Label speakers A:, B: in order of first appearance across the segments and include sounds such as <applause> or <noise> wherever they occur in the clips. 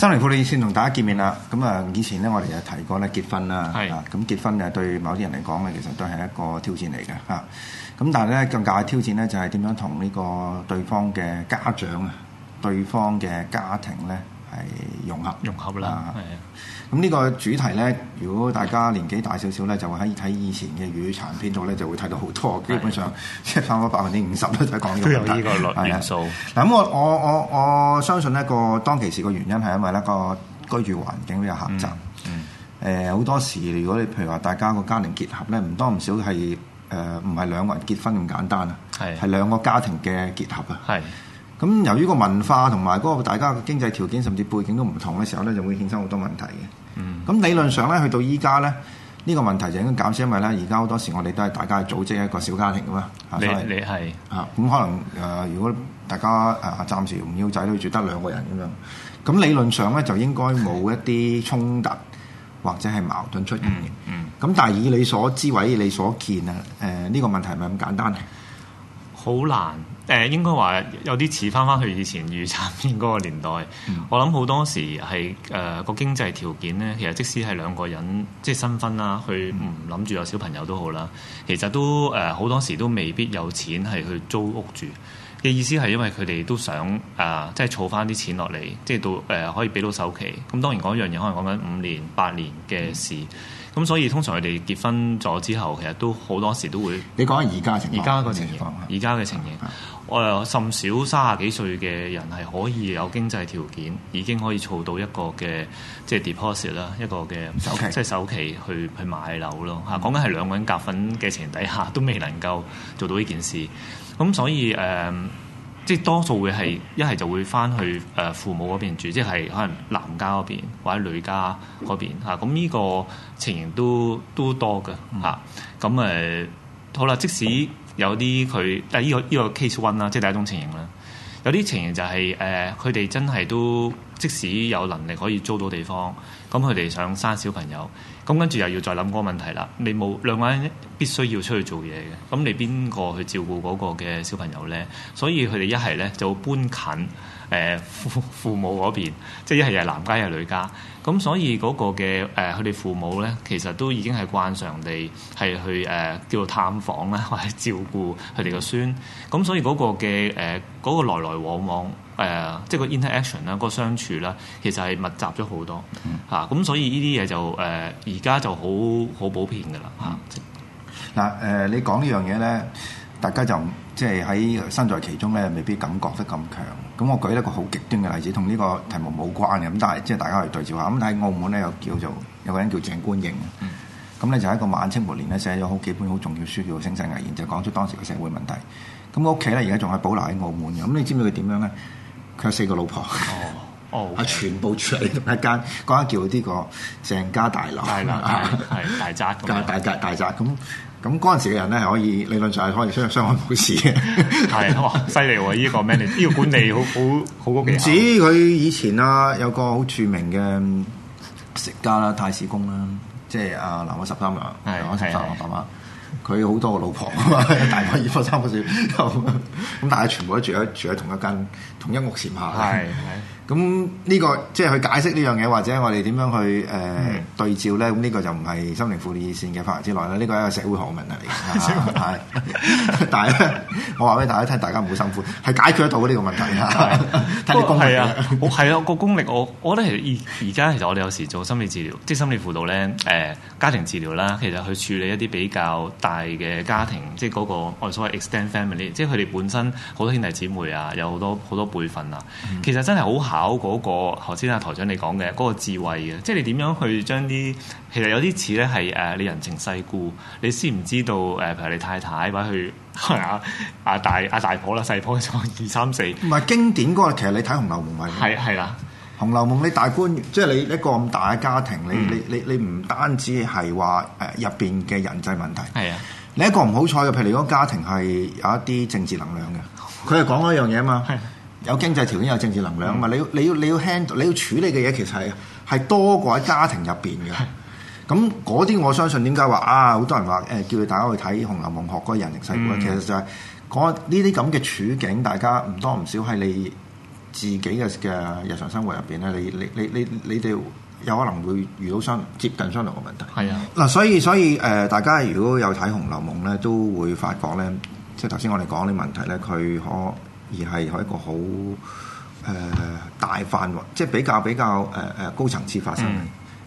A: 新零富利，你先同大家見面啦。咁啊，以前咧，我哋就提過咧結婚啦。咁是結婚咧，對某啲人嚟講咧，其實都係一個挑戰嚟嘅嚇。咁但係咧，更大嘅挑戰咧，就係點樣同呢個對方嘅家長啊，對方嘅家庭咧。係融合，融合啦。係啊，咁呢個主題咧，如果大家年紀大少少咧，就喺睇以前嘅粵語殘片度咧，就會睇到好多。基本上，即係差唔多百分之五十都係講呢個主題。都有呢個元素。嗱，咁我我我我相信呢個當其時個原因係因為呢個居住環境比較狹窄。嗯。好多時如果你譬如話大家個家庭結合咧，唔多唔少係誒，唔係兩個人結婚咁簡單啊。係。係兩個家庭嘅結合啊。係。咁由於個文化同埋嗰大家嘅經濟條件甚至背景都唔同嘅時候咧，就會衍生好多問題嘅。嗯。咁理論上咧，去到依家咧，呢個問題就應該減少，因為咧而家好多時我哋都係大家組織一個小家庭噶嘛。你你係啊？咁可能誒、呃，如果大家誒暫時唔要仔女住，得兩個人咁樣，咁理論上咧就應該冇一啲衝突或者係矛盾出現嘅、嗯。嗯。咁但係以你所知、位、你所見啊，誒、呃、呢個問題係咪咁簡單？好難。
B: 誒應該話有啲似翻翻去以前預產片嗰個年代，嗯、我諗好多時係誒個經濟條件咧，其實即使係兩個人即新婚啦，去唔諗住有小朋友都好啦，其實都誒好、呃、多時都未必有錢係去租屋住嘅。意思係因為佢哋都想誒、呃，即係儲翻啲錢落嚟，即係到誒、呃、可以俾到首期。咁當然講一樣嘢，可能講緊五年八年嘅事。嗯嗯咁所以通常佢哋結婚咗之後，其實都好多時都會。你講下而家情，而家個情況，而家嘅情形，我甚少三十幾歲嘅人係可以有經濟條件，已經可以儲到一個嘅即係 deposit 啦，一個嘅首即係首期去首期去，去買樓咯。嚇、啊，講緊係兩個人夾份嘅情底下，都未能夠做到呢件事。咁所以誒。嗯即係多數會係一係就會翻去誒、呃、父母嗰邊住，即係可能男家嗰邊或者女家嗰邊嚇。咁呢個情形都都多嘅嚇。咁、啊、誒、啊、好啦，即使有啲佢，但係呢個呢、這個 case one 啦，即係第一種情形啦。有啲情形就係、是、誒，佢、呃、哋真係都即使有能力可以租到地方。咁佢哋想生小朋友，咁跟住又要再諗嗰個問題啦。你冇兩個人必須要出去做嘢嘅，咁你邊個去照顧嗰個嘅小朋友咧？所以佢哋一係咧就會搬近，誒、呃、父父母嗰邊，即係一係又係男家又係女家。咁所以嗰個嘅誒，佢哋、呃、父母咧，其實都已經係慣常地係去誒、呃、叫做探訪啦，或者照顧佢哋個孫。咁所以嗰個嘅誒嗰個來來往往。誒，即係個 interaction 啦，個相處啦，其實係密集咗好多嚇。咁所以呢啲嘢就誒，而家就好好普遍嘅啦嚇。
A: 嗱誒，你講呢樣嘢咧，大家就即係喺身在其中咧，未必感覺得咁強。咁我舉一個好極端嘅例子，同呢個題目冇關嘅。咁但係即係大家去對照下。咁喺澳門咧，又叫做有個人叫鄭觀應，咁咧就喺一個晚清末年咧寫咗好幾本好重要書叫《盛世危言》，就講出當時嘅社會問題。咁屋企咧而家仲係保留喺澳門。咁你知唔知佢點樣咧？佢有四個老婆，哦哦，啊全部住喺一間，嗰間叫呢個鄭家大樓，係啦林，係、啊、大、大、大宅，大大大宅，咁咁嗰陣時嘅人咧係可以理論上係可以相相安無事嘅，係犀利喎，呢、哦，這個 manage 呢個管理好好好高技巧。佢以前啊有個好著名嘅食家啦，太史公啦，即係啊南海十三娘。南我是十三啊伯佢好多個老婆啊嘛， <laughs> 大概二個三個少，咁大家全部都住喺住喺同一間同一屋檐下。 <laughs> <laughs> <laughs> 咁呢、這個即係去解釋呢樣嘢，或者我哋點樣去誒、呃嗯、對照咧？咁、這、呢個就唔係心靈輔導線嘅範圍之內啦。呢、這個係一個社會學問題嚟嘅。係、 <laughs> 啊。但係 <laughs> <laughs> 我話俾大家聽，大家唔好辛苦，係 <laughs> 解決得到呢個問題㗎。睇係啊，我啊，個功力我我覺得其實
B: 而家其實我哋有時做心理治療，即係心理輔導咧，誒、呃、家庭治療啦，其實去處理一啲比較大嘅家庭，即係、那、嗰個、那個、我哋所謂 extended family，即係佢哋本身好多兄弟姊妹啊，有好多好多輩分啊，其實真係好難。搞嗰、那個，頭先阿台長你講嘅嗰個智慧嘅，即係你點樣去將啲，其實有啲似咧係誒你人情世故，你先唔知道誒、呃，譬如你太太或者去阿阿大阿、啊、大婆啦，細婆
A: 就二三四，唔係經典嗰、那個，其實你睇《紅樓夢》咪係係啦，《紅樓夢》你大觀園，即係你一個咁大嘅家庭，你、嗯、你你你唔單止係話誒入邊嘅人際問題，係啊的，你一個唔好彩嘅，譬如你嗰個家庭係有一啲政治能量嘅，佢係講一樣嘢啊嘛。的有經濟條件有政治能量啊嘛！嗯、你要你要你要 handle 你要處理嘅嘢其實係多過喺家庭入邊嘅。咁嗰啲我相信點解話啊？好多人話誒、呃、叫大家去睇《紅樓夢》學嗰人情世故咧，嗯、其實就係講呢啲咁嘅處境，大家唔多唔少係你自己嘅嘅日常生活入邊咧。你你你你你哋有可能會遇到相接近相同嘅問題。係啊，嗱，所以所以誒、呃，大家如果有睇《紅樓夢》咧，都會發覺咧，即係頭先我哋講啲問題咧，佢可而係喺一個好誒大範圍，即係比較比較誒誒高層次發生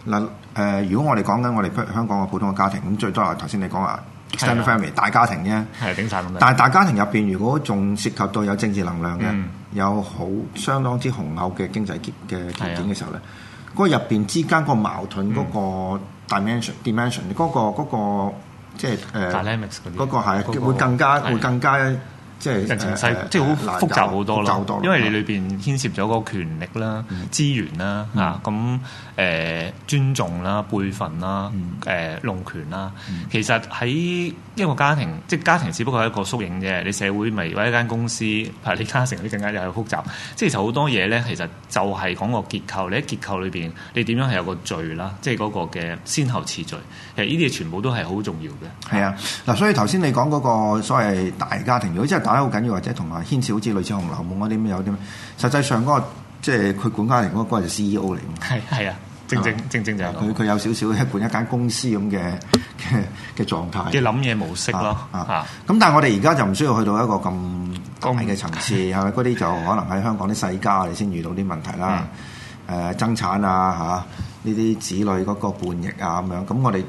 A: 嗱誒。如果我哋講緊我哋香港嘅普通嘅家庭，咁最多係頭先你講話 extended family 大家庭啫，
B: 係頂曬咁，但係大家
A: 庭入邊，如果仲涉及到有政治能量嘅，有好相當之雄厚嘅經濟嘅條件嘅時候咧，嗰入邊之間個矛盾嗰個 dimension dimension 嗰個嗰個即係誒 dynamics 嗰個係會更加會更加。即係人情世故，即係好複雜好多啦。多因為你
B: 裏邊牽涉咗個權力啦、嗯、資源啦啊，咁誒、嗯嗯、尊重啦、輩份啦、誒弄、嗯呃、權啦。嗯、其實喺一個家庭，即係家庭，只不過係一個縮影啫。你社會咪或者間公司，譬如李嘉誠嗰啲更加又係複雜。即係其實好多嘢咧，其實就係講個結構。你喺結構裏邊，你點樣係有個序啦，即係嗰個嘅先後次序。其實呢啲嘢全部都係好重要
A: 嘅。係、嗯、啊，嗱，所以頭先你講嗰個所謂大家庭，如果真係.好緊要，或者同埋牽涉，好似類似紅樓夢嗰啲有啲咩。實際上嗰、那個、即係佢管家嚟嗰個就 CEO 嚟㗎。係啊吧正正，正正正正就係佢，佢有少少管一,一間公司咁嘅嘅嘅狀態嘅諗嘢模式咯。咁、啊啊啊、但係我哋而家就唔需要去到一個咁高嘅層次，係咪？嗰啲、嗯、 <laughs> 就可能喺香港啲世家我哋先遇到啲問題啦。誒、嗯呃，爭產啊嚇，呢、啊、啲子女嗰個叛逆啊咁樣。咁我哋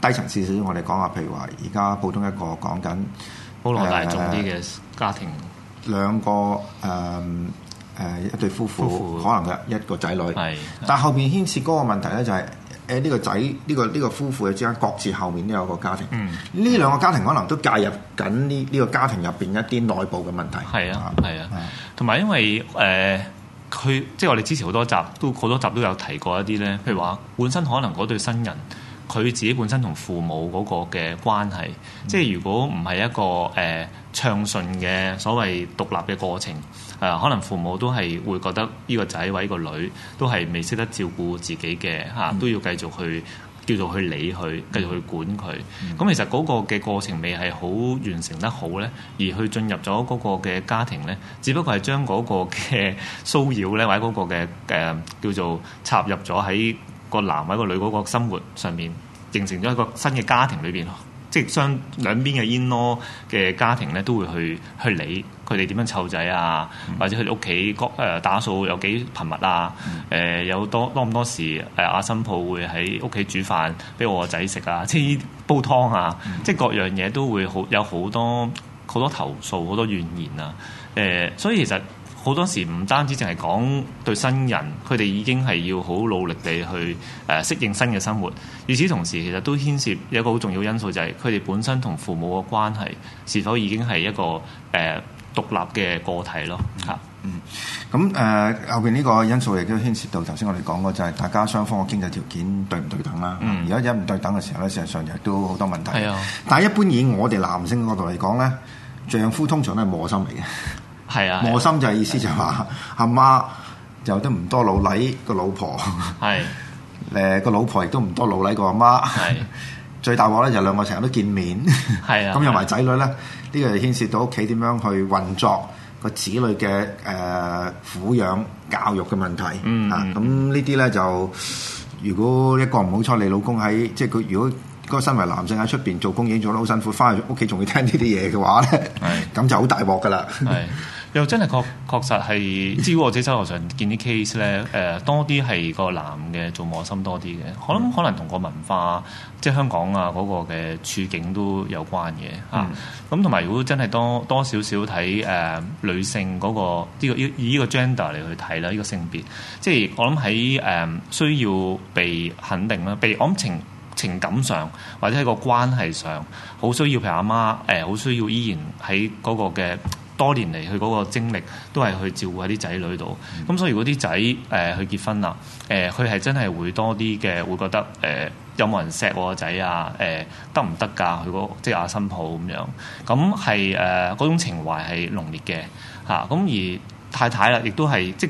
A: 低層次少少，我哋講下，譬如話而家普通一個講緊。高大眾啲嘅家庭，嗯、兩個誒誒、嗯嗯、一對夫婦，夫婦可能嘅一個仔女。係，但後邊牽涉嗰個問題咧、就係，就係誒呢個仔，呢、呢個呢、呢個夫婦之間各自後面都有個家庭。嗯，呢兩個家庭可能都介入緊呢呢個家庭入邊一啲內部嘅問題。係啊，係
B: 啊，同埋、啊啊、因為誒佢、呃，即係我哋之前好多集都好多集都有提過一啲咧，譬如話本身可能嗰對新人。佢自己本身同父母嗰個嘅關係，即係如果唔係一個誒暢順嘅所謂獨立嘅過程，誒、呃、可能父母都係會覺得呢個仔或者個女都係未識得照顧自己嘅吓、啊、都要繼續去叫做去理佢，繼續去管佢。咁、嗯、其實嗰個嘅過程未係好完成得好咧，而去進入咗嗰個嘅家庭咧，只不過係將嗰個嘅騷擾咧，或者嗰個嘅誒、呃、叫做插入咗喺。個男或者個女嗰個生活上面，形成咗一個新嘅家庭裏邊，即係雙兩邊嘅 in-law 嘅家庭咧，都會去去理佢哋點樣湊仔啊，或者佢哋屋企誒打掃有幾頻密啊，誒有多多唔多事誒阿新抱會喺屋企煮飯俾我個仔食啊，即係煲湯啊，即係各樣嘢都會好有好多好多投訴好多怨言啊，誒、呃，所以其實。好多時唔單止淨係講對新人，佢哋已經係要好努力地去誒適應新嘅生活。與此同時，其實都牽涉有一個好重要因素，就係佢哋本身同父母嘅關係是否已經係一個誒獨立嘅個體咯
A: 嚇、嗯嗯。嗯，咁誒後邊呢個因素亦都牽涉到頭先我哋講過，就係大家雙方嘅經濟條件對唔對等啦。嗯，而家一唔對等嘅時候咧，事實上亦都好多問題。係啊、嗯，但係一般以我哋男性角度嚟講咧，丈夫通常都係磨心嚟嘅。係啊，磨心就係意思就係話阿媽就都唔多老禮個老婆，係誒個老婆亦都唔多老禮個阿媽。係的最大鑊咧就兩個成日都見面，係啊的。咁又埋仔女咧，呢、這個係牽涉到屋企點樣去運作個子女嘅誒撫養教育嘅問題。的嗯，嗯，嗯，咁呢啲咧就如果一個唔好彩你老公喺，即係佢如果。嗰個身為男性喺出邊做工已經做得好辛苦，翻去屋企仲要聽呢啲嘢嘅話咧，咁是的 <laughs> 就好大鑊噶啦。
B: 又真係確確實係，至於我自己周頭常見啲 case 咧、呃，誒多啲係個男嘅做磨心多啲嘅，可能可能同個文化，即係香港啊嗰、那個嘅處境都有關嘅嚇。咁同埋如果真係多多少少睇誒女性嗰、那個呢個以呢個 gender 嚟去睇啦，呢、這個性別，即係我諗喺誒需要被肯定啦，被我諗情。情感上或者喺個關係上，好需要譬如阿媽誒，好、呃、需要依然喺嗰個嘅多年嚟，佢嗰個精力都係去照顧喺啲仔女度。咁、嗯、所以如果啲仔誒去結婚啊，誒佢係真係會多啲嘅，會覺得誒、呃、有冇人錫我個仔啊？誒得唔得㗎？佢嗰、嗰個、即係阿新抱咁樣，咁係誒嗰種情懷係濃烈嘅吓，咁、啊、而太太啦，亦都係即。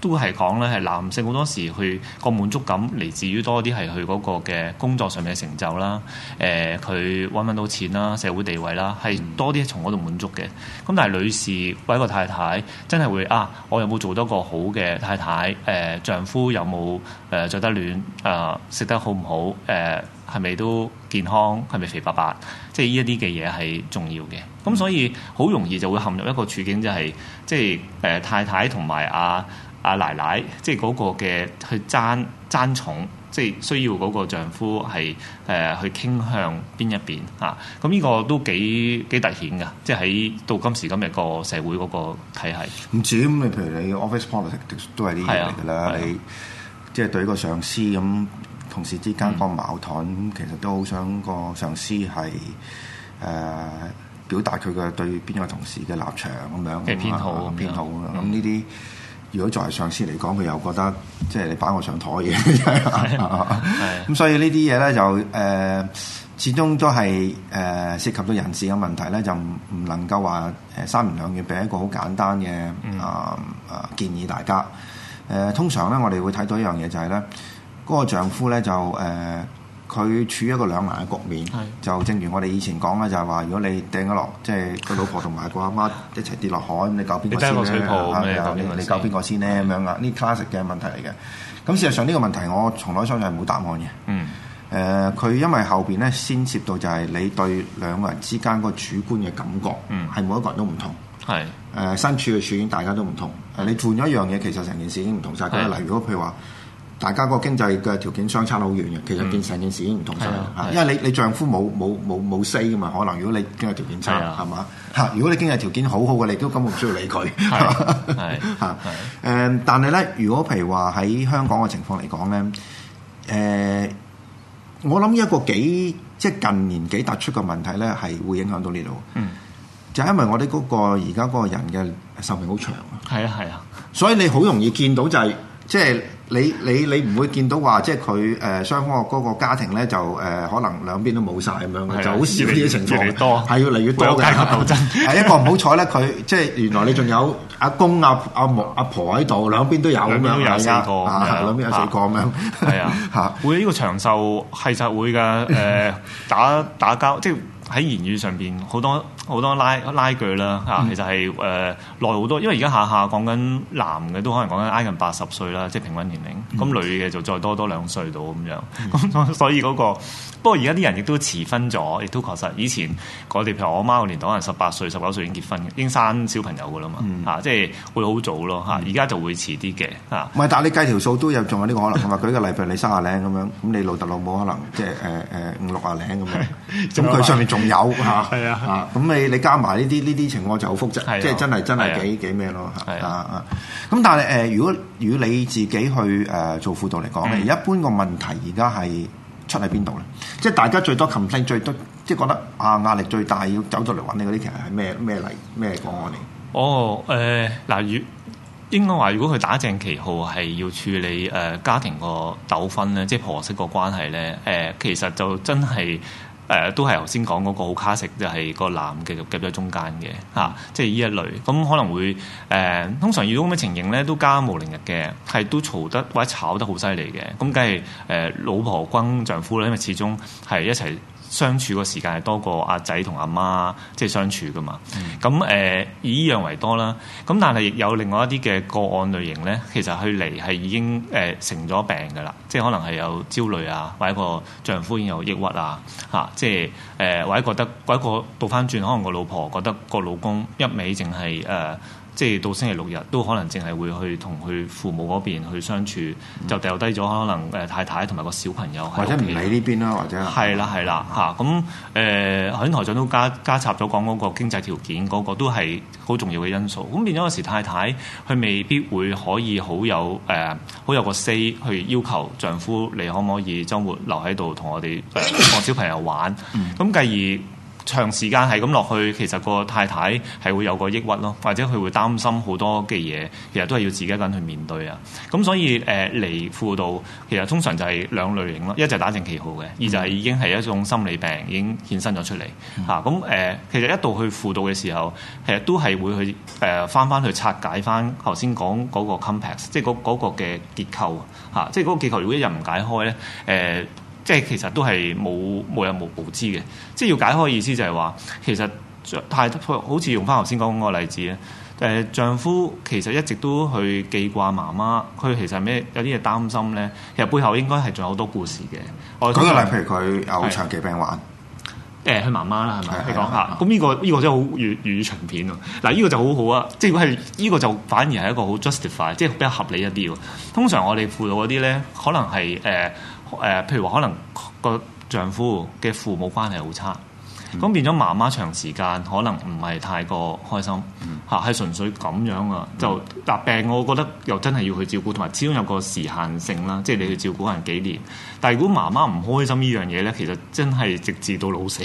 B: 都係講咧，係男性好多時佢個滿足感嚟自於多啲係佢嗰個嘅工作上面嘅成就啦。誒、呃，佢揾揾到錢啦，社會地位啦，係多啲從嗰度滿足嘅。咁但係女士為一個太太，真係會啊，我有冇做到個好嘅太太？誒、呃，丈夫有冇誒著得暖啊、呃？食得好唔好？誒係咪都健康？係咪肥白白？即係呢一啲嘅嘢係重要嘅。咁所以好容易就會陷入一個處境，就係、是、即係誒、呃、太太同埋阿。啊奶奶，即係嗰個嘅去爭爭寵，即係需要嗰個丈夫係誒、呃、去傾向邊一邊啊！咁呢個都幾幾凸顯噶，即係喺到今時今日個社會嗰個
A: 體系。唔知咁，你譬如你 office politics 都係呢啲嚟㗎啦。啊啊、你即係對個上司咁，嗯嗯、同事之間個矛盾，咁其實都好想個上司係誒、呃、表達佢嘅對邊個同事嘅立場咁樣。嘅偏好啊、嗯，偏好咁呢啲。嗯嗯嗯嗯如果作為上司嚟講，佢又覺得即係你擺我上台嘅，咁所以呢啲嘢咧就誒、呃，始終都係誒、呃、涉及到人事嘅問題咧，就唔能夠話誒三言兩語俾一個好簡單嘅啊啊建議大家。誒、呃、通常咧，我哋會睇到一樣嘢就係、是、咧，嗰、嗰個丈夫咧就誒、呃佢處於一個兩難嘅局面，是就正如我哋以前講嘅，就係話，如果你掟咗落，即係佢老婆同埋個阿媽一齊跌落海，你搞邊個先，你搞邊個先咧？咁是樣啊，呢 classic 嘅問題嚟嘅。咁事實上呢個問題，我從來相信係冇答案嘅。嗯。誒、呃，佢因為後邊咧，牽涉到就係你對兩個人之間嗰個主觀嘅感覺，嗯，係每一個人都唔同。係、嗯。誒、呃，身處嘅處境大家都唔同。誒、呃，你換一樣嘢，其實成件事已經唔同晒。是例如，如果譬如話。大家嗰個經濟嘅條件相差好遠嘅，其實件事已經唔同曬。因為你你丈夫冇冇冇冇 say 嘅嘛，可能如果你經濟條件差，係嘛？嚇，如果你經濟條件好好嘅，你都根本唔需要理佢。係嚇，誒，但係咧，如果譬如話喺香港嘅情況嚟講咧，誒，我諗一個幾即係近年幾突出嘅問題咧，係會影響到呢度。嗯，就係因為我哋嗰個而家嗰個人嘅壽命好長啊。係啊係啊，所以你好容易見到就係。即係你你你唔會見到話，即係佢誒雙方嘅個家庭咧，就誒、呃、可能兩邊都冇晒，咁樣就好少呢啲情況。係越嚟越，越，越多，係一個唔好彩咧，佢即係原來你仲有阿公阿阿阿婆喺度，嗯、兩邊都有。兩邊有四個，啊啊、兩邊有四個咁樣。
B: 係啊，嚇、啊啊、會呢個長壽係實會嘅誒、呃、打打交即。喺言語上邊好多好多拉拉鋸啦嚇、啊，其實係誒耐好多，因為而家下下講緊男嘅都可能講緊挨近八十歲啦，即係平均年齡。咁、嗯、女嘅就再多多兩歲到咁樣。咁、嗯、所以嗰、那個不過而家啲人亦都遲婚咗，亦都確實以前我哋譬如我媽嗰年代可能十八歲十九歲，已經結婚，已經生小朋友噶啦嘛嚇，即係會好早咯嚇。而家就會遲啲嘅嚇。
A: 唔、啊、係、嗯，但係你計條數都有仲有呢個可能。同埋 <laughs> 舉個例譬如你生廿零咁樣，咁你老豆老母可能即係誒誒五六廿零咁樣，咁佢上面有嚇，係啊嚇，咁你、啊、你加埋呢啲呢啲情況就好複雜，即係真係真係幾幾咩咯嚇啊啊！咁但係誒、呃，如果如果你自己去誒、呃、做輔導嚟講咧，啊、一般個問題而家係出喺邊度咧？嗯、即係大家最多琴聲最多，即係覺得啊壓力最大要走咗嚟揾你嗰啲，其實係咩咩嚟咩講
B: 我哋？哦誒嗱，如、呃呃呃、應該話，如果佢打正旗號係要處理誒家庭個糾紛咧，即係婆媳個關係咧，誒、呃、其實就真係。誒、呃、都係頭先講嗰個好卡式，就係、是、個男嘅夾咗喺中間嘅嚇、啊，即係呢一類。咁、嗯、可能會誒、呃，通常遇到咁嘅情形咧，都家無寧日嘅，係都嘈得或者炒得好犀利嘅。咁梗係誒老婆轟丈夫啦，因為始終係一齊。相處嘅時間係多過阿仔同阿媽即係相處噶嘛，咁誒、嗯呃、以依樣為多啦。咁但係亦有另外一啲嘅個案類型咧，其實佢嚟係已經誒、呃、成咗病噶啦，即係可能係有焦慮啊，或者個丈夫已經有抑鬱啊，嚇、啊，即係誒、呃、或者覺得，或者個倒翻轉，可能個老婆覺得個老公一味淨係誒，呃即係到星期六日都可能淨係會去同佢父母嗰邊去相處，嗯、就掉低咗可能誒太太同埋個小朋友或，或者唔喺呢邊啦，或者係啦係啦嚇。咁誒，許、嗯啊呃、台長都加加插咗講嗰個經濟條件嗰、嗰個都係好重要嘅因素。咁變咗有時太太佢未必會可以好有誒好、呃、有個 say 去要求丈夫你可唔可以週末留喺度同我哋個、嗯、小朋友玩。咁繼而。長時間係咁落去，其實個太太係會有個抑鬱咯，或者佢會擔心好多嘅嘢，其實都係要自己一個人去面對啊。咁所以誒嚟、呃、輔導，其實通常就係兩類型咯，一就打正旗號嘅，二就係已經係一種心理病已經衍生咗出嚟嚇。咁誒、嗯啊呃、其實一度去輔導嘅時候，其實都係會去誒翻翻去拆解翻頭先講嗰個 complex，即係嗰、嗰個嘅、嗰個、結構嚇、啊。即係嗰個結構如果一日唔解開咧，誒、呃。即係其實都係冇冇有冇無知嘅，即係要解開嘅意思就係話，其實太好似用翻頭先講嗰個例子咧，誒丈夫其實一直都去記掛媽媽，佢其實係咩有啲嘢擔心咧，其實背後應該係仲有好多故事嘅。
A: 我舉個例，譬如佢有長期病患，
B: 誒佢、欸、媽媽啦係咪？你講下，咁呢、呢個呢、呢個真係好粵語長片喎。嗱、啊、呢、呢個就好好啊，即係如果係呢個就反而係一個好 justify，即係比較合理一啲喎。通常我哋輔導嗰啲咧，可能係誒。呃誒、呃，譬如話可能個丈夫嘅父母關係好差，咁、嗯、變咗媽媽長時間可能唔係太過開心，嚇係、嗯、純粹咁樣啊，就得、嗯、病我覺得又真係要去照顧，同埋始終有個時限性啦，即係你去照顧人幾年。嗯嗯但係如果媽媽唔開心呢樣嘢咧，其實真係直至到老死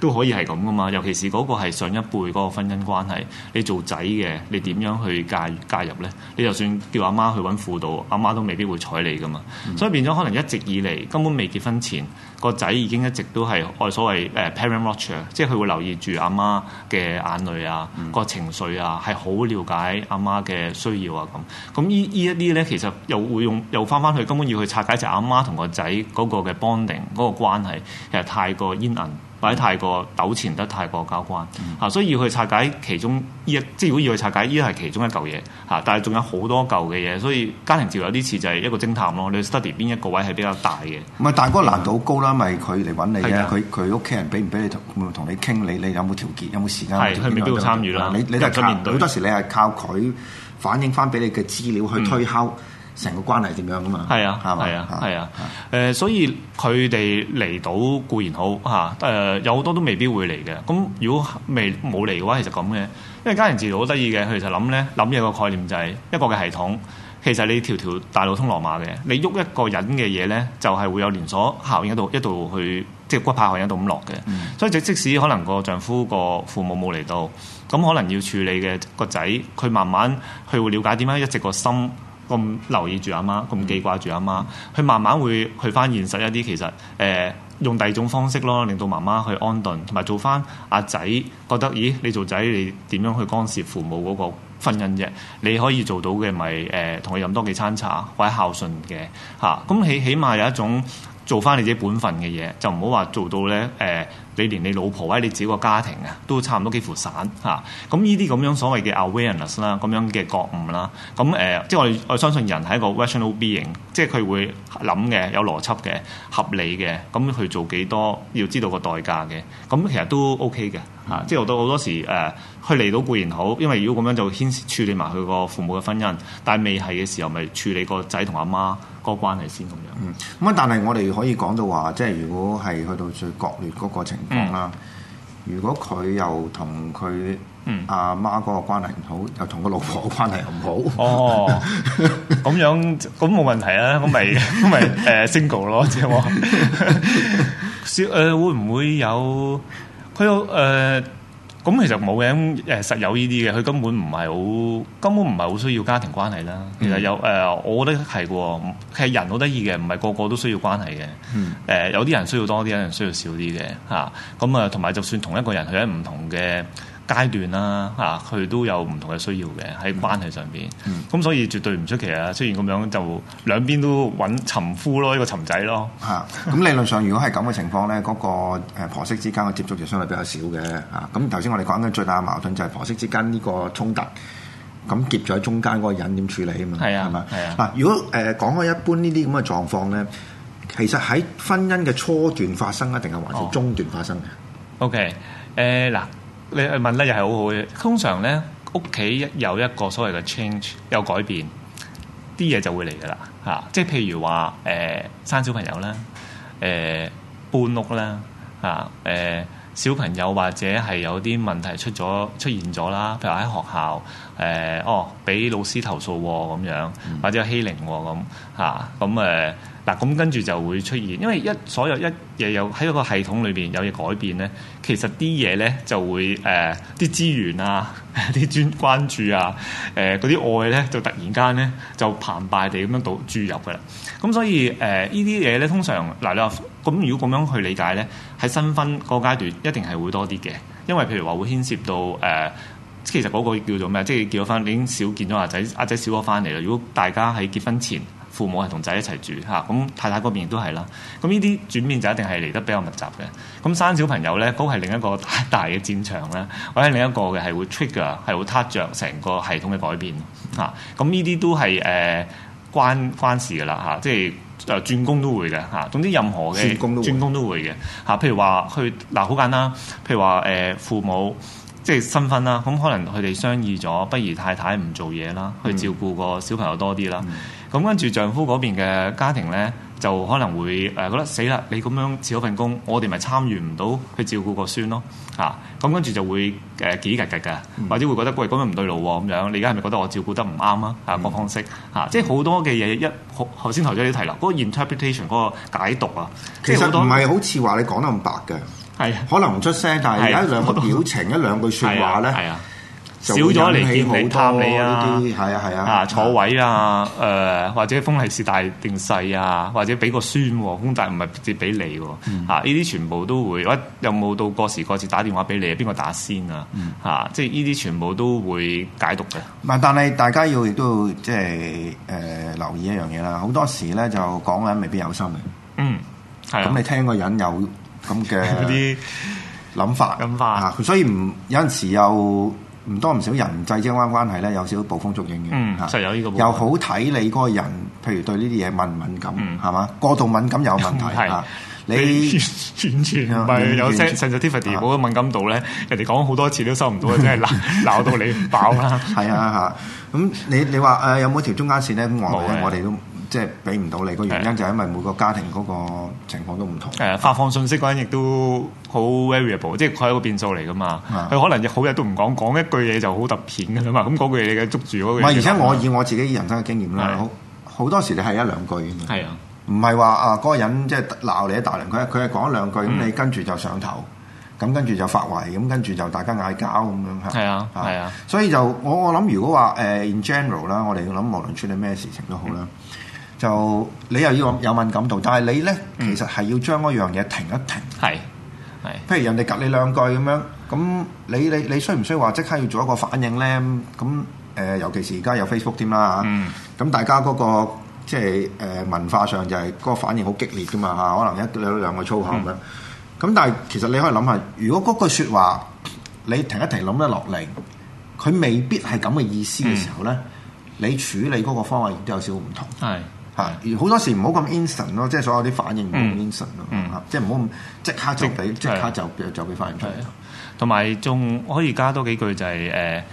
B: 都可以係咁噶嘛。尤其是個係上一輩個婚姻關係，你做仔嘅，你點樣去介介入咧？你就算叫阿媽去揾輔導，阿媽都未必會睬你噶嘛。嗯、所以變咗可能一直以嚟根本未結婚前個仔已經一直都係愛所謂誒、uh, parent watcher，即係佢會留意住阿媽嘅眼淚啊、個、嗯、情緒啊，係好了解阿媽嘅需要啊咁。咁呢呢一啲咧，其實又會用又翻返去根本要去拆解隻阿媽同個仔。喺嗰個嘅 bonding 嗰個關係其實太過煙韌，或者太過糾纏得太過交關嚇，嗯、所以要去拆解其中依一，即係如果要去拆解呢依係其中一嚿嘢嚇，但係仲有好多嚿嘅嘢，所以家庭治療有啲似就係一個偵探咯。你 study 邊一個位係比較大嘅？唔係，但係嗰個難度
A: 高啦，咪佢嚟揾你啫，佢佢屋企人俾唔俾你同同你傾？你你有冇條件？有冇時間？係佢未必會參與啦、嗯嗯嗯。你今年對你都係靠好多時，你係靠佢反映翻俾你嘅資料去推敲。嗯成個關係
B: 點樣噶嘛？係啊，係吧啊，係啊。誒、啊呃，所以佢哋嚟到固然好嚇，誒、呃、有好多都未必會嚟嘅。咁如果未冇嚟嘅話，其實咁嘅，因為家人治療好得意嘅，佢哋就諗咧諗嘢個概念就係一個嘅系統。其實你條條大路通羅馬嘅，你喐一個人嘅嘢咧，就係、是、會有連鎖效應喺度，一度去即係骨牌效應一度咁落嘅。嗯、所以就即使可能個丈夫個父母冇嚟到，咁可能要處理嘅個仔，佢慢慢佢會了解點解一直個心。咁留意住阿媽，咁記掛住阿媽，佢、嗯、慢慢會去翻現實一啲。其實，誒、呃、用第二種方式咯，令到媽媽去安頓，同埋做翻阿仔覺得，咦，你做仔你點樣去干涉父母嗰個婚姻啫？你可以做到嘅咪誒，同佢飲多幾餐茶，或者孝順嘅嚇。咁、啊、起起碼有一種。做翻你自己本分嘅嘢，就唔好話做到咧。誒、呃，你連你老婆或者你自己個家庭啊，都差唔多幾乎散嚇。咁呢啲咁樣所謂嘅 awareness 啦，咁樣嘅覺悟啦，咁、啊、誒、呃，即係我哋我相信人係一個 rational being，即係佢會諗嘅，有邏輯嘅，合理嘅，咁去做幾多，要知道個代價嘅。咁、啊、其實都 OK 嘅嚇，啊嗯、即係我到好多時誒，佢嚟到固然好，因為如果咁樣就牽涉處理埋佢個父母嘅婚姻，但係未係嘅時候，咪處理個仔同阿媽。個關係先咁
A: 樣。嗯，咁啊，但係我哋可以講到話，即係如果係去到最割裂嗰個情況啦。嗯、如果佢又同佢阿媽嗰個關係唔好，嗯、又同個老婆關係唔好。哦，咁 <laughs> 樣咁冇問題啊，咁咪咁咪
B: 誒 single 咯，即係話。說、呃、誒，會唔會有佢有誒？呃咁其實冇嘅，誒、呃、實有呢啲嘅，佢根本唔係好，根本唔係好需要家庭關係啦。嗯、其實有誒、呃，我覺得係嘅，其實人好得意嘅，唔係個個都需要關係嘅。誒、嗯呃、有啲人需要多啲，有人需要少啲嘅吓。咁啊，同埋就算同一個人一，佢喺唔同嘅階段啦、啊，嚇佢都有唔同嘅需要嘅喺關係上邊。咁、嗯、所以絕對唔出奇啊！雖然咁樣就兩邊都揾尋夫咯，呢個尋仔咯嚇。
A: 咁、啊、理論上，如果係咁嘅情況咧，嗰、那個婆媳之間嘅接觸就相對比較少嘅嚇。咁頭先我哋講緊最大矛盾就係婆媳之間呢個衝突，咁夾咗喺中間嗰個人點處理啊嘛？係啊，係吧啊。嗱、啊，如果誒、呃、講開一般呢啲咁嘅狀況咧，其實喺婚姻嘅初段發生，定係還是中段發生嘅？O
B: K，誒嗱。哦 okay, 呃你去問咧又係好好嘅，通常咧屋企有一個所謂嘅 change 有改變，啲嘢就會嚟噶啦嚇，即係譬如話誒、呃、生小朋友啦，誒、呃、搬屋啦嚇誒。啊呃小朋友或者係有啲問題出咗出現咗啦，譬如喺學校，誒，哦，俾老師投訴喎咁樣，或者欺凌喎咁嚇，咁誒嗱，咁跟住就會出現，因為一所有一嘢有喺一個系統裏邊有嘢改變咧，其實啲嘢咧就會誒啲資源啊，啲專關注啊，誒嗰啲愛咧就突然間咧就澎湃地咁樣導注入㗎啦。咁所以誒呢啲嘢咧通常嗱你話。咁如果咁樣去理解咧，喺新婚個階段一定係會多啲嘅，因為譬如話會牽涉到誒、呃，其實嗰個叫做咩，即係結咗婚，已經少見咗阿仔阿仔小哥翻嚟啦。如果大家喺結婚前，父母係同仔一齊住嚇，咁、啊、太太嗰邊亦都係啦。咁呢啲轉變就一定係嚟得比較密集嘅。咁、啊、生小朋友咧，都、那、係、個、另一個大嘅戰場咧，或者另一個嘅係會 trigger 係會 touch 著成個系統嘅改變嚇。咁呢啲都係誒、呃、關關事噶啦嚇，即係。就轉工都會嘅嚇，總之任何嘅轉工都轉工都會嘅嚇。譬如話去嗱，好簡單，譬如話誒、呃、父母即係新婚啦，咁可能佢哋商議咗，不如太太唔做嘢啦，去照顧個小朋友多啲啦。咁、嗯、跟住丈夫嗰邊嘅家庭咧。就可能會誒覺得死啦！你咁樣辭咗份工，我哋咪參與唔到去照顧個孫咯嚇。咁跟住就會誒幾拮拮嘅，或者會覺得喂咁樣唔對路喎咁樣。你而家係咪覺得我照顧得唔啱啊？啊，各方式嚇，即係好多嘅嘢一頭先頭咗你提啦。嗰、那個 interpretation
A: 嗰個解讀啊，其實唔係好似話你講得咁白嘅，係、啊、可能唔出聲，但係一兩個表情一、啊嗯、兩句説話咧。少咗你見好貪你啊，係啊係啊，啊，啊，啊坐
B: 位啊，誒、呃、或者封利是大定細啊，或者俾個孫喎，封大唔係直接俾你喎、啊，呢啲、嗯啊、全部都會，有冇到過時過節打電話俾你啊？邊個打先啊？嚇、啊嗯啊，即係呢啲全部都會解讀嘅。
A: 唔係、嗯，但係大家也也要亦都即係誒留意一樣嘢啦。好多時咧就講緊未必有心嘅。嗯，係、啊。咁你聽個人有咁嘅啲諗法諗法啊， <laughs> 嗯、 <laughs> 所以唔有陣時又。唔多唔少人際之間關係咧，有少少捕風捉影嘅，嗯嚇，就有呢個，又好睇你嗰個人，譬如對呢啲嘢敏唔敏感，係嘛？過度敏感有問題，你完全唔係有啲
B: ，sensitivity，冇個
A: 敏感度咧，人哋講好多次都收唔到，真係鬧鬧到你唔爆啦，係啊嚇，咁你你話誒有冇條中間線咧？咁我我哋都。即係俾唔到你個原因，就係因為每個家庭嗰個情況都唔同。
B: 誒，發放信息嗰陣亦都好 variable，即係佢係一個變數嚟噶嘛。佢是的 可能日好嘢都唔講，講一句嘢就好突片噶啦嘛。咁嗰句嘢嘅捉住、那個住那個、我。唔而且我以
A: 我自己人生嘅經驗咧，是的 好多時你係一兩句。係啊，唔係話啊嗰個人即係鬧你一大輪，佢佢係講一兩句，咁、嗯、你跟住就上頭，咁跟住就發圍，咁跟住就大家嗌交咁樣嚇。係啊，係啊，所以就我我諗，如果話誒 in general 啦，我哋要諗，無論處理咩事，事，事情都好啦。嗯就你又要有敏感度，但係你咧，嗯、其實係要將嗰樣嘢停一停。係，係。譬如人哋夾你兩句咁樣，咁你你你需唔需要話即刻要做一個反應咧？咁誒、呃，尤其是而家有 Facebook 添啦嚇，咁、嗯、大家嗰、那個即係誒文化上就係嗰個反應好激烈㗎嘛嚇，可能一兩兩個粗口咁。咁、嗯、但係其實你可以諗下，如果嗰句説話你停一停諗得落嚟，佢未必係咁嘅意思嘅時候咧，嗯、你處理嗰個方法亦都有少少唔同。係。好多時唔好咁 instant 咯，即係所有啲反應唔咁 instant 咯、嗯，嚇，即係唔好咁即刻就俾，即刻就就就俾反應出嚟。
B: 同埋仲可以加多幾句就係、是、誒、呃，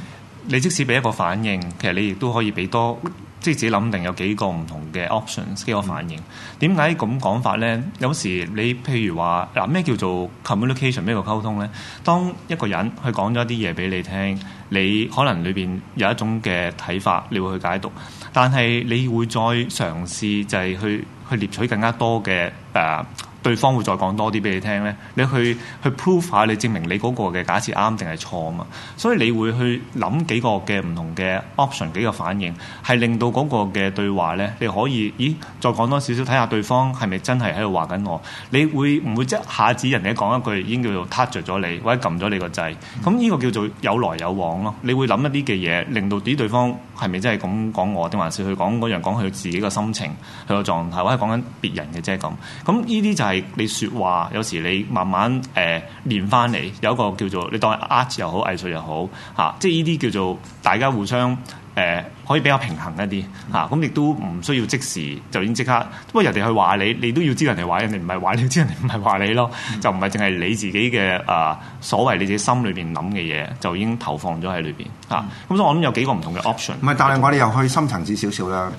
B: 你即使俾一個反應，其實你亦都可以俾多，即係自己諗定有幾個唔同嘅 options 幾個反應。點解咁講法咧？有時你譬如話嗱，咩叫做 communication？咩叫溝通咧？當一個人去講咗啲嘢俾你聽。你可能裏邊有一種嘅睇法，你會去解讀，但係你會再嘗試，就係去去獵取更加多嘅誒。Uh, 對方會再講多啲俾你聽咧，你去去 prove 下，你證明你嗰個嘅假設啱定係錯啊嘛。所以你會去諗幾個嘅唔同嘅 option，幾個反應係令到嗰個嘅對話咧，你可以，咦，再講多少少睇下對方係咪真係喺度話緊我？你會唔會即下子人哋講一句已經叫做 touch 咗你，或者撳咗你個掣？咁呢個叫做有來有往咯。你會諗一啲嘅嘢，令到啲對方係咪真係咁講我，定還是去講嗰樣講佢自己嘅心情、佢個狀態，或者講緊別人嘅啫咁？咁呢啲就係。你說話有時你慢慢誒、呃、練翻嚟，有一個叫做你當係 art 又好，藝術又好吓、啊，即係呢啲叫做大家互相誒、呃、可以比較平衡一啲吓，咁、啊、亦都唔需要即時就已經即刻，不過人哋去話你，你都要知人哋話人哋，唔係話你，人你知人哋唔係話你咯，嗯、就唔係淨係你自己嘅誒、啊、所謂你自己心裏邊諗嘅嘢，就已經投放咗喺裏邊吓。咁、啊、所以我諗有幾個唔同嘅 option。
A: 唔係，但係我哋又去深層次少少啦。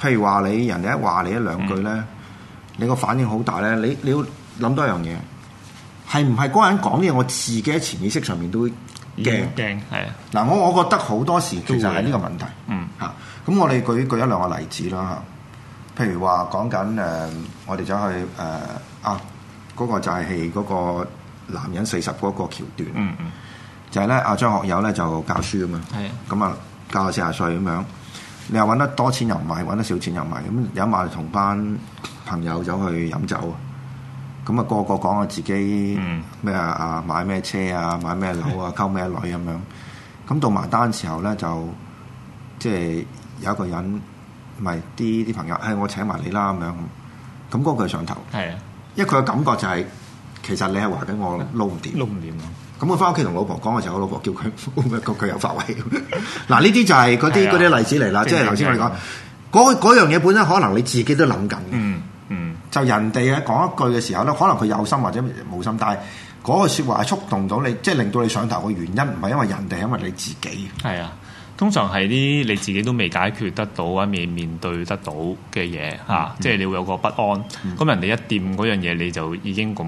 A: 譬如話你人哋一話你一兩句咧。嗯你個反應好大咧！你你要諗多樣嘢，係唔係個人講嘢？我自己喺潛意識上面都驚驚係啊。嗱，我我覺得好多時其實係呢個問題。嗯嚇，咁我哋舉舉一兩個例子啦嚇。譬如話講緊誒，我哋走去誒啊嗰個就係係嗰個男人四十嗰個橋段。嗯嗯，就係咧阿張學友咧就教書咁嘛。係咁啊，教到四啊歲咁樣，你又揾得多錢又唔係，揾得少錢又唔係咁，有一晚同班朋友走去飲酒啊，咁啊個個講啊自己咩啊啊買咩車啊買咩樓啊溝咩女咁樣，咁到埋單時候咧就即係有一個人咪啲啲朋友，嘿我請埋你啦咁樣，咁嗰句上頭係啊，因為佢嘅感覺就係其實你係話俾我撈唔掂，撈唔掂啊！咁我翻屋企同老婆講嘅時候，我老婆叫佢個佢又發威。嗱呢啲就係嗰啲嗰啲例子嚟啦，即係頭先我哋講嗰嗰樣嘢本身可能你自己都諗緊。就人哋喺講一句嘅時候咧，可能佢有心或者冇心，但係嗰個説話係觸動到你，即係令到你上頭嘅原因，唔係因為人哋，因為你自己。
B: 係啊，通常係啲你自己都未解決得到或者未面對得到嘅嘢吓，即係你會有個不安。咁、嗯、人哋一掂嗰樣嘢，你就已經咁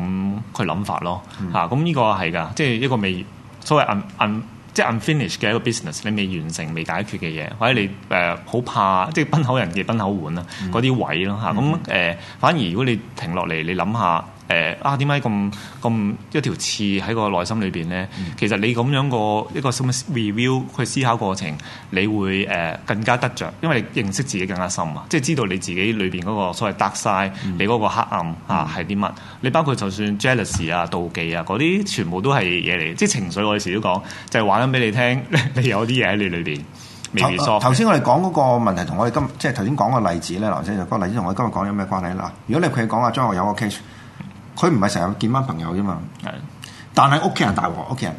B: 去諗法咯吓。咁、啊、呢、嗯啊呢個係噶，即係一個未所謂暗暗。即係 unfinished 嘅一個 business，你未完成，未解決嘅嘢，或者你誒好、呃、怕，即係崩口人嘅崩口碗啦，嗰啲位咯吓。咁誒，反而如果你停落嚟，你諗下。誒啊！點解咁咁一條刺喺個內心裏邊咧？嗯、其實你咁樣個一個什麼 review 去思考過程，你會誒、呃、更加得着，因為你認識自己更加深啊，即係知道你自己裏邊嗰個所謂 dark side、嗯、你嗰個黑暗、嗯、啊係啲乜？你包括就算 jealousy 啊妒忌啊嗰啲，全部都係嘢嚟，即係情緒我。我哋時都講就係、是、玩緊俾你聽，你有啲嘢喺你裏邊微頭先
A: 我哋講嗰個問題，同我哋今即係頭先講個例子咧，劉生就個例子同我哋今日講有咩關係咧？如果你佢講阿張學友個 case。佢唔係成日見翻朋友啫嘛，但係屋企人大鑊，屋企人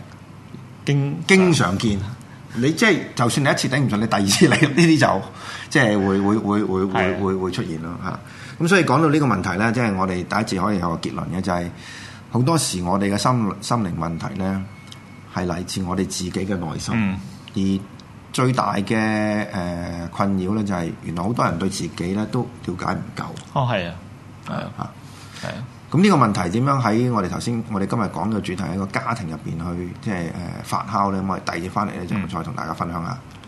A: 經經常見， <laughs> 你即係就算你一次頂唔順，你第二次嚟呢啲就即係會會會會會會會出現咯嚇。咁嗯、所以講到呢個問題咧，即係我哋第一次可以有個結論嘅，就係好多時我哋嘅心心靈問題咧，係嚟自我哋自己嘅內心，嗯、而最大嘅誒困擾咧就係原來好多人對自己咧都了解唔夠。哦，係啊，係啊，係啊。咁呢個問題點樣喺我哋頭先，我哋今日講嘅主題一個家庭入邊去，即係誒發酵咧。咁我哋第二日翻嚟咧就再同大家分享下。嗯